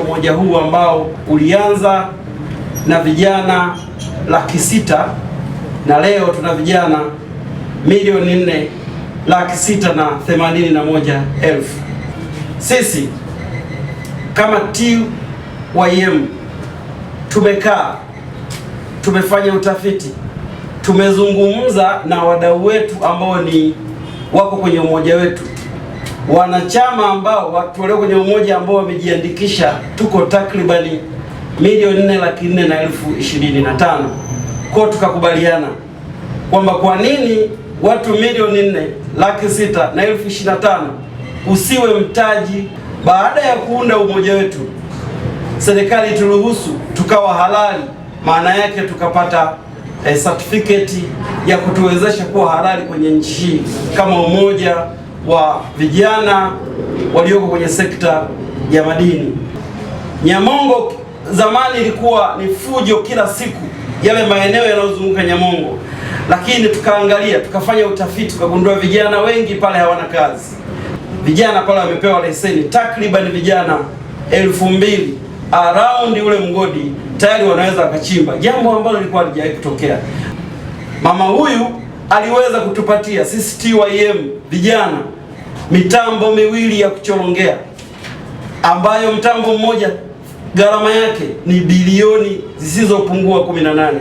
kuimarisha umoja huu ambao ulianza na vijana laki sita na leo tuna vijana milioni nne laki sita na themanini na moja elfu. Sisi kama TYM tumekaa, tumefanya utafiti, tumezungumza na wadau wetu ambao ni wako kwenye umoja wetu wanachama ambao watu walio kwenye umoja ambao wamejiandikisha tuko takribani milioni nne laki nne na elfu ishirini na tano kwa tukakubaliana kwamba kwa nini watu milioni nne laki sita na elfu ishirini na tano usiwe mtaji. Baada ya kuunda umoja wetu, serikali turuhusu tukawa halali, maana yake tukapata eh, certificate ya kutuwezesha kuwa halali kwenye nchi hii kama umoja wa vijana walioko kwenye sekta ya madini. Nyamongo zamani ilikuwa ni fujo kila siku, yale maeneo yanayozunguka Nyamongo, lakini tukaangalia, tukafanya utafiti, tukagundua vijana wengi pale hawana kazi. Vijana pale wamepewa leseni takriban vijana elfu mbili around ule mgodi tayari wanaweza wakachimba, jambo ambalo lilikuwa halijawahi kutokea. Mama huyu aliweza kutupatia sisi TYM vijana mitambo miwili ya kuchorongea ambayo mtambo mmoja gharama yake ni bilioni zisizopungua 18.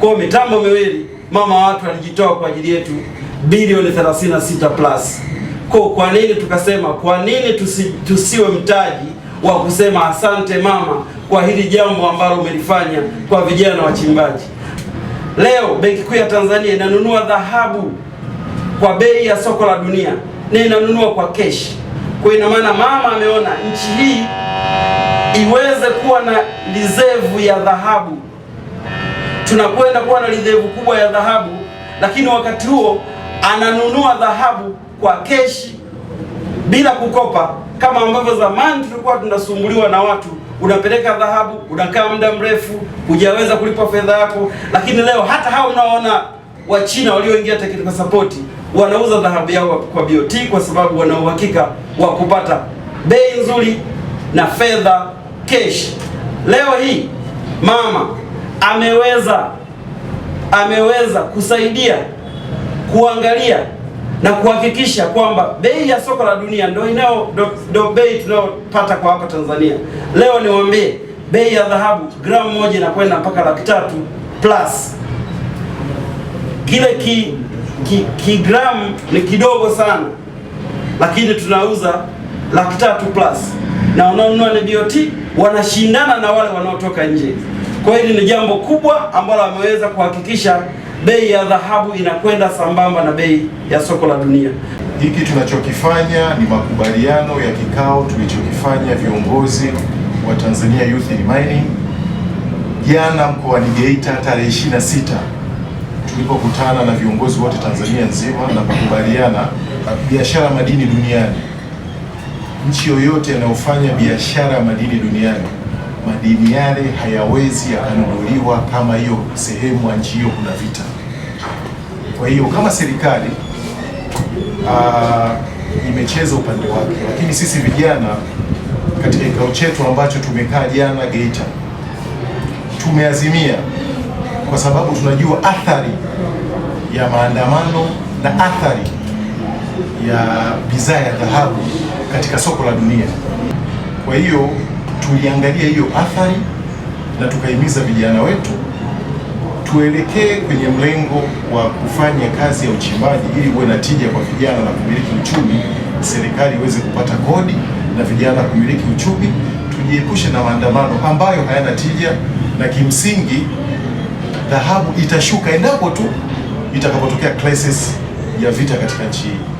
Kwa mitambo miwili mama watu alijitoa kwa ajili yetu bilioni 36 plus. Kwa kwa nini tukasema, kwa nini tusi, tusiwe mtaji wa kusema asante mama kwa hili jambo ambalo umelifanya kwa vijana wachimbaji. Leo Benki Kuu ya Tanzania inanunua dhahabu kwa bei ya soko la dunia na inanunua kwa keshi. Kwa ina maana mama ameona nchi hii iweze kuwa na rizevu ya dhahabu, tunakwenda kuwa na rizevu kubwa ya dhahabu, lakini wakati huo ananunua dhahabu kwa keshi bila kukopa, kama ambavyo zamani tulikuwa tunasumbuliwa na watu unapeleka dhahabu unakaa muda mrefu hujaweza kulipa fedha yako, lakini leo hata hao unaona Wachina walioingia technical support wanauza dhahabu yao kwa BOT kwa sababu wana uhakika wa kupata bei nzuri na fedha cash. Leo hii mama ameweza ameweza kusaidia kuangalia na kuhakikisha kwamba bei ya soko la dunia ndio inao ndio bei tunayopata kwa hapa Tanzania. Leo niwaambie bei ya dhahabu gramu moja inakwenda mpaka laki tatu plus kile ki kigramu ki ni kidogo sana, lakini tunauza laki tatu plus, na wanaonunua ni BOT wanashindana na wale wanaotoka nje. Kwa hili ni jambo kubwa ambalo ameweza kuhakikisha bei ya dhahabu inakwenda sambamba na bei ya soko la dunia. Hiki tunachokifanya ni makubaliano ya kikao tulichokifanya viongozi wa Tanzania Youth in Mining jana mkoani Geita tarehe 26 tulipokutana na viongozi wote Tanzania nzima na kukubaliana uh, biashara madini duniani, nchi yoyote inayofanya biashara ya madini duniani, madini yale hayawezi yakanunuliwa kama hiyo sehemu ya nchi hiyo kuna vita. Kwa hiyo kama serikali uh, imecheza upande wake, lakini sisi vijana katika kikao chetu ambacho tumekaa jana Geita tumeazimia kwa sababu tunajua athari ya maandamano na athari ya bidhaa ya dhahabu katika soko la dunia. Kwa hiyo tuliangalia hiyo athari na tukahimiza vijana wetu tuelekee kwenye mlengo wa kufanya kazi ya uchimbaji ili uwe na tija kwa vijana na kumiliki uchumi, serikali iweze kupata kodi na vijana kumiliki uchumi. Tujiepushe na maandamano ambayo hayana tija na kimsingi dhahabu itashuka endapo tu itakapotokea crisis ya vita katika nchi hii.